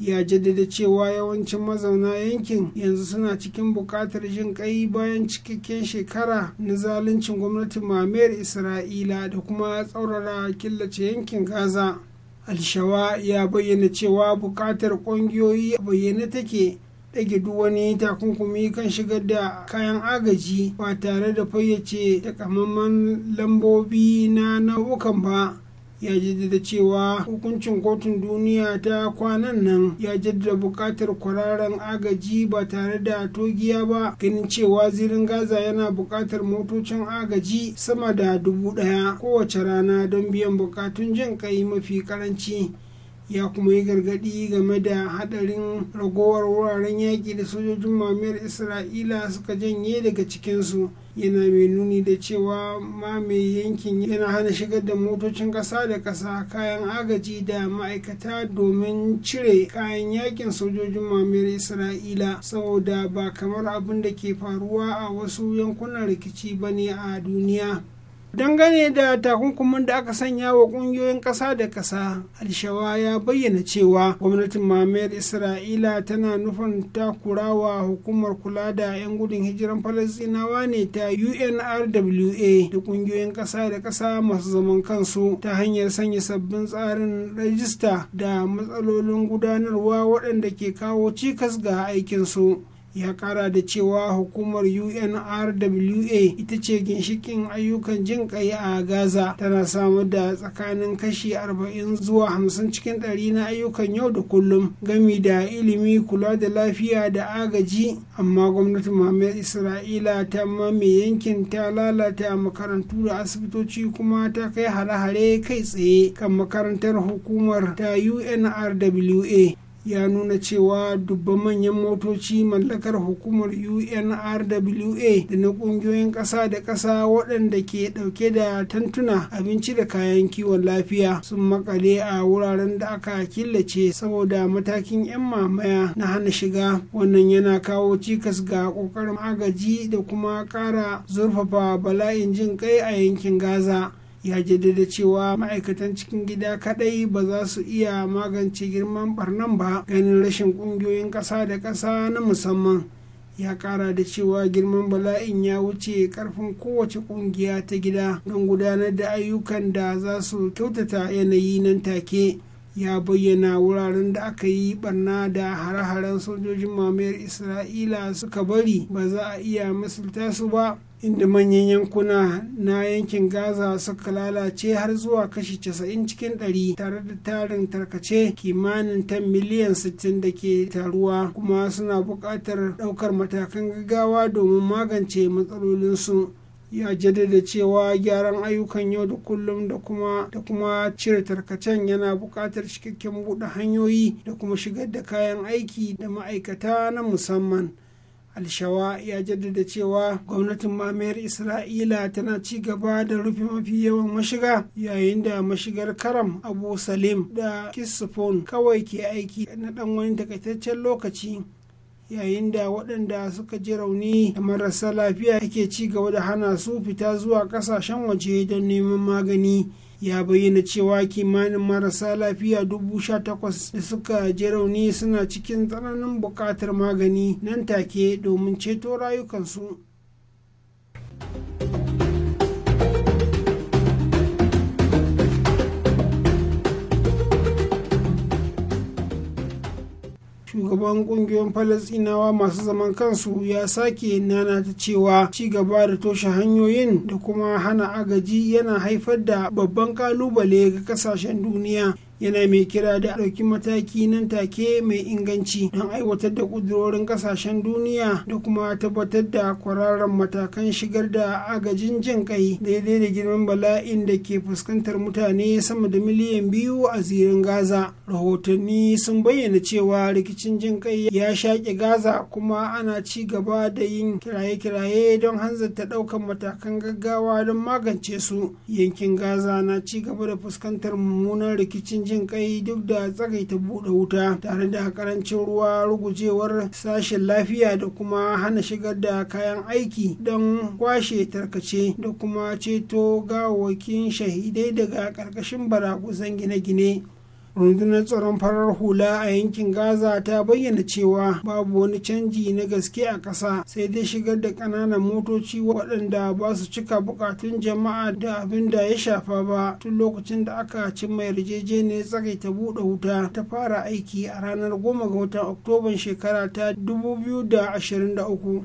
ya jaddada cewa yawancin mazauna yankin yanzu suna cikin buƙatar jin kai bayan cikakken shekara na zaluncin gwamnatin mamayar isra'ila da kuma tsaurara killace yankin gaza alshawa ya bayyana cewa buƙatar ƙungiyoyi a bayyane take ɗage duk wani takunkumi kan shigar da kayan agaji ba tare da fayyace takamaiman lambobi na nau'ukan ba ya jaddada cewa hukuncin kotun duniya ta kwanan nan ya jaddada buƙatar kwararren agaji ba tare da togiya ba ganin cewa zirin gaza yana buƙatar motocin agaji sama da dubu ɗaya kowace rana don biyan bukatun jin kai mafi ƙaranci ya kuma yi gargaɗi game da haɗarin ragowar wuraren yaƙi da sojojin mamiyar isra'ila suka janye daga cikinsu yana mai nuni da cewa ma mai yankin yana hana shigar da motocin ƙasa da ƙasa kayan agaji da ma'aikata domin cire kayan yakin sojojin mamiyar isra'ila saboda ba kamar abin da ke faruwa a wasu yankunan rikici bane a duniya dangane da takunkumin da aka sanya wa kungiyoyin ƙasa da ƙasa alshawa ya bayyana cewa gwamnatin mamayar isra'ila tana nufin takurawa hukumar kula da 'yan gudun hijiran falasinawa ne ta unrwa da kungiyoyin ƙasa da ƙasa masu zaman kansu ta hanyar sanya sabbin tsarin rajista da matsalolin gudanarwa waɗanda ke kawo cikas ga aikinsu ya kara da cewa hukumar unrwa ita ce ginshikin ayyukan jin kai a gaza tana samar da tsakanin kashi 40 zuwa 50 cikin 100 na ayyukan yau da kullum gami da ilimi kula da lafiya da agaji amma gwamnatin muhammad isra'ila ta mame yankin ta lalata makarantu da asibitoci kuma ta kai hare-hare kai tsaye kan makarantar hukumar ta unrwa ya nuna cewa dubban manyan motoci mallakar hukumar unrwa da na kungiyoyin ƙasa da ƙasa waɗanda ke ɗauke da tantuna abinci da kayan kiwon lafiya sun makale a wuraren da aka killace saboda matakin 'yan mamaya na hana shiga wannan yana kawo cikas ga ƙoƙarin agaji da kuma ƙara zurfafa bala'in jin kai a yankin gaza ya jaddada cewa ma'aikatan cikin gida kadai ba za su iya magance girman barnan ba ganin rashin kungiyoyin ƙasa da ƙasa na musamman ya kara da cewa girman bala'in ya wuce karfin kowace kungiya ta gida don gudanar da ayyukan da za su kyautata yanayi nan take ya bayyana wuraren da aka yi barna da hare-haren sojojin mamayar isra'ila suka bari ba za a iya misulta su ba inda manyan yankuna na yankin gaza suka lalace har zuwa kashi 90 cikin 100 tare da tarin tarkace kimanin 10 miliyan 60 da ke taruwa kuma suna buƙatar ɗaukar matakan gaggawa domin magance matsalolinsu ya jaddada cewa gyaran ayyukan yau da kullum da kuma da kuma cire tarkacen yana buƙatar cikakken buɗe hanyoyi da kuma shigar da kayan aiki da ma'aikata na musamman alshawa ya jaddada cewa gwamnatin mamayar isra'ila tana ci gaba da rufe mafi yawan mashiga yayin da mashigar karam abu salim da kisifon kawai ke aiki na dan wani takaitaccen lokaci yayin da waɗanda suka ji rauni da marasa lafiya yake ci gaba da hana su fita zuwa ƙasashen waje don neman magani ya bayyana cewa kimanin marasa lafiya dubu sha takwas da suka ji rauni suna cikin tsananin buƙatar magani nan take domin ceto rayukansu shugaban kungiyoyin falasinawa masu zaman kansu ya sake nana ta cewa ci gaba da toshe hanyoyin da kuma hana agaji yana haifar da babban kalubale ga kasashen duniya yana mai kira da ɗauki mataki nan take mai inganci don aiwatar da ƙudurorin ƙasashen duniya da kuma tabbatar da kwararan matakan shigar da agajin jin kai daidai da girman bala'in da ke fuskantar mutane sama da miliyan biyu a zirin gaza rahotanni sun bayyana cewa rikicin jin kai ya shaƙe gaza kuma ana ci gaba da yin kiraye-kiraye don hanzarta ɗaukar matakan gaggawa don magance su yankin gaza na ci gaba da fuskantar mummunan rikicin jin kai duk da ta buɗe wuta tare da karancin ruwa rugujewar sashen lafiya da kuma hana shigar da kayan aiki don kwashe tarkace da kuma ceto gawawwakin shahidai daga ƙarƙashin baraguzan gine-gine rundunar tsaron farar hula a yankin gaza ta bayyana cewa babu wani canji na gaske a ƙasa sai dai shigar da ƙananan motoci waɗanda ba su cika buƙatun jama'a da abin da ya shafa ba tun lokacin da aka cin cimma yarjejeniyar ta buɗe wuta ta fara aiki a ranar 10 ga watan oktoban shekara ta 2023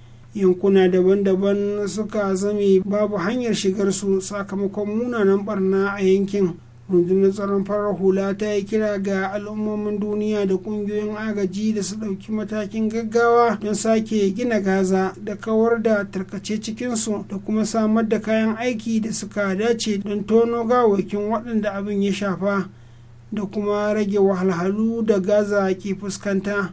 yankuna daban-daban suka zame babu hanyar shigarsu sakamakon munanan barna a yankin rundunar tsaron farar hula ta yi kira ga al'ummomin duniya da kungiyoyin agaji da su ɗauki matakin gaggawa don sake gina gaza da kawar da tarkace cikinsu da kuma samar da kayan aiki da suka dace don tono gawakin waɗanda abin ya shafa da kuma rage wahalhalu da gaza ke fuskanta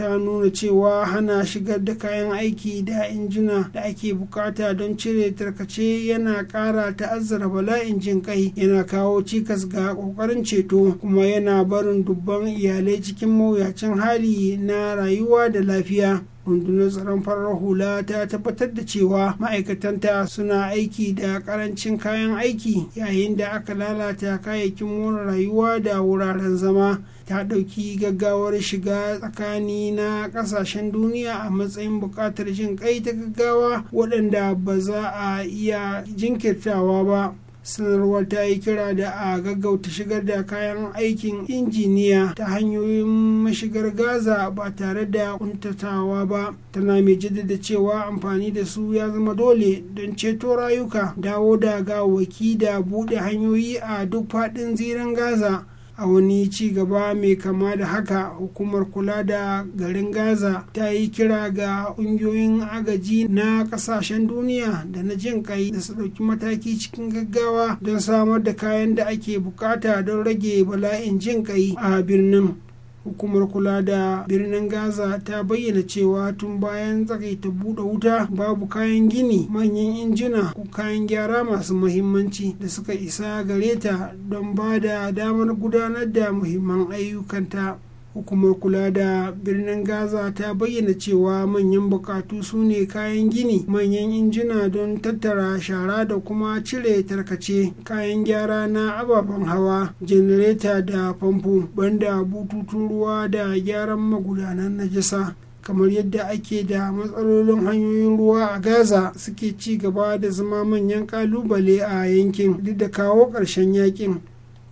ta nuna cewa hana shigar da kayan aiki da injina da ake bukata don cire tarkace yana kara ta'azzara bala'in jin kai yana kawo cikas ga kokarin ceto kuma yana barin dubban iyalai cikin mawuyacin hali na rayuwa da lafiya rundunar tsaron farar hula ta tabbatar da cewa ma'aikatanta suna aiki da karancin kayan aiki yayin da aka lalata kayayyakin more rayuwa da wuraren zama ta ɗauki gaggawar shiga tsakani na ƙasashen duniya a matsayin buƙatar jin kai ta gaggawa waɗanda ba za a iya jinkirtawa ba sanarwar ta yi kira da a gaggauta shigar da kayan aikin injiniya ta hanyoyin mashigar gaza ba tare da kuntatawa ba tana mai jaddada cewa amfani da su ya zama dole don ceto rayuka dawo da gawaki da buɗe hanyoyi a duk faɗin zirin gaza a wani ci gaba mai kama da haka hukumar kula da garin gaza ta yi kira ga ƙungiyoyin agaji na ƙasashen duniya da na jin kai da su ɗauki mataki cikin gaggawa don samar da kayan da ake bukata don rage bala'in jin kai a birnin hukumar kula da birnin gaza ta bayyana cewa tun bayan ta buɗe wuta babu kayan gini manyan injina ko kayan gyara masu muhimmanci da suka isa gare ta don ba da damar gudanar da muhimman ayyukanta hukumar kula da birnin gaza ta bayyana cewa manyan bukatu su ne kayan gini manyan injina don tattara shara da kuma cire tarkace kayan gyara na ababen hawa janareta da famfo banda bututun ruwa da gyaran magudanan najasa kamar yadda ake da matsalolin hanyoyin ruwa a gaza suke ci gaba da zama manyan kalubale a yankin duk da kawo ƙarshen yakin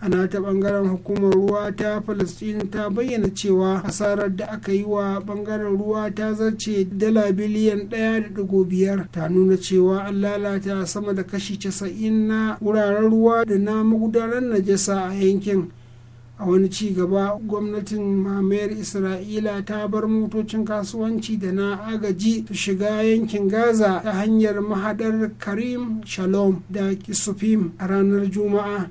a ta bangaren hukumar ruwa ta palestine ta bayyana cewa hasarar da aka yi wa bangaren ruwa ta zarce dala biliyan ɗaya da biyar. ta nuna cewa an lalata sama da kashi casa'in na wuraren ruwa da na magudanar najasa a yankin a wani ci gaba gwamnatin mamayar isra'ila ta bar motocin kasuwanci da na agaji su shiga yankin gaza ta hanyar mahadar karim shalom da kisufim a ranar juma'a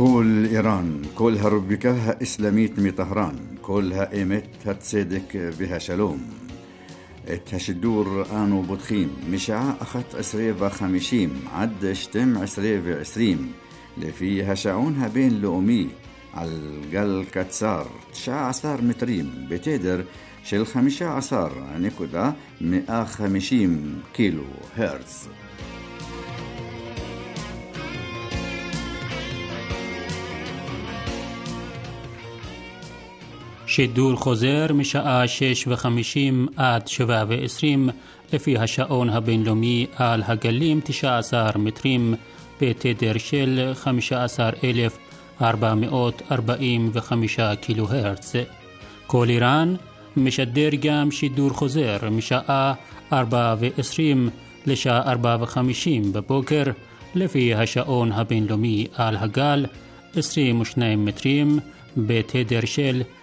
كل إيران كلها ربكها إسلاميت مي طهران كلها إيمت هتصدق بها شلوم الدور آنو بطخيم مشاع أخت عسرية وخمشيم عد شتم عسرية وعسريم لفي هشعونها بين لؤمي على الجل كتسار تشاع عصار متريم بتدر عصار 15 مئة خمشيم كيلو هرتز שידור חוזר משעה וחמישים עד ועשרים לפי השעון הבינלאומי על הגלים 19 מטרים בתדר של 15,445 קילו הרץ. כל איראן משדר גם שידור חוזר משעה 4:20 לשעה 4:50 בבוקר לפי השעון הבינלאומי על הגל 22 מטרים בתדר של 15,445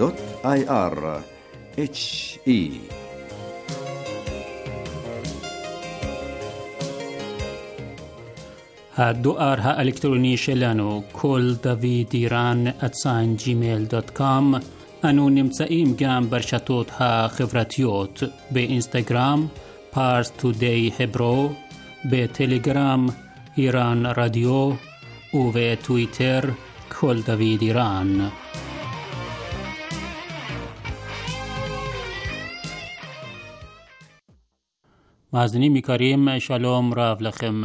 www.hr.ir HE دو ها الکترونیش لانو کل دوید ایران اتسان جیمیل دات کام انو نمتسئیم گم برشتوت ها خفرتیوت به اینستاگرام پارس تو دی هبرو به تلگرام ایران رادیو و به تویتر کل دوید ایران מאזינים יקרים, שלום רב לכם.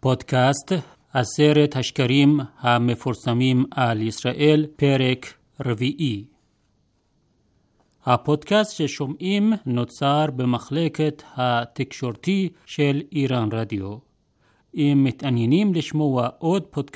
פודקאסט עשרת השקרים המפורסמים על ישראל, פרק רביעי. הפודקאסט ששומעים נוצר במחלקת התקשורתי של איראן רדיו. אם מתעניינים לשמוע עוד פודקאסט